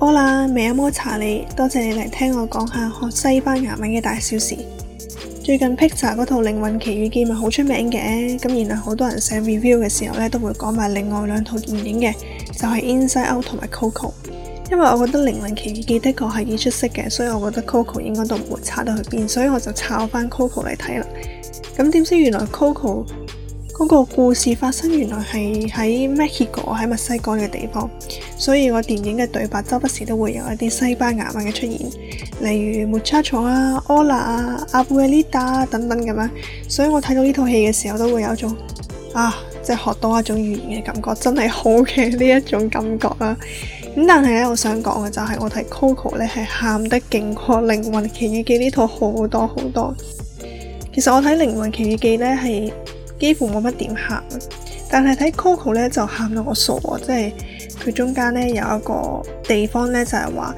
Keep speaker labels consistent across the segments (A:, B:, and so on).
A: 好啦，Hola，未有摩查你，多謝你嚟聽我講下學西班牙文嘅大小事。最近 Pixar 嗰套《靈魂奇遇記》咪好出名嘅，咁原來好多人寫 review 嘅時候咧都會講埋另外兩套電影嘅，就係《Inside Out》同埋《Coco》。因為我覺得《靈魂奇遇記》的確係幾出色嘅，所以我覺得《Coco》應該都唔會差到去邊，所以我就抄翻《Coco》嚟睇啦。咁點知原來《Coco》。嗰個故事發生原來係喺 Mexico 喺墨西哥嘅地方，所以我電影嘅對白周不時都會有一啲西班牙文嘅出現，例如 Muchacho、啊、Hola 啊、Abuelita 啊等等咁樣。所以我睇到呢套戲嘅時候都會有一種啊，即係學多一種語言嘅感覺，真係好嘅呢一種感覺啊。咁但係咧，我想講嘅就係我睇 Coco 咧係喊得勁過《靈魂奇遇記》呢套好多好多。其實我睇《靈魂奇遇記》咧係。幾乎冇乜點喊，但係睇 Coco 咧就喊到我傻啊！即係佢中間呢有一個地方呢，就係話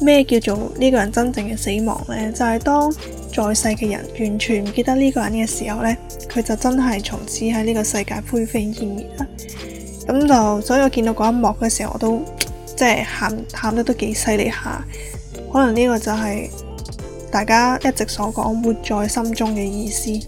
A: 咩叫做呢個人真正嘅死亡呢？就係當在世嘅人完全唔記得呢個人嘅時候呢，佢就真係從此喺呢個世界灰飛煙滅啦。咁就所以我見到嗰一幕嘅時候，我都即係喊喊得都幾犀利下。可能呢個就係大家一直所講活在心中嘅意思。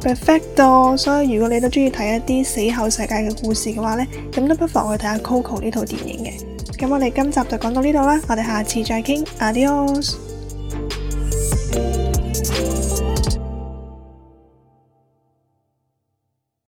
A: Perfect 哦，所以如果你都中意睇一啲死後世界嘅故事嘅話呢，咁都不妨去睇下 Coco 呢套電影嘅。咁我哋今集就講到呢度啦，我哋下次再傾，Adios。Ad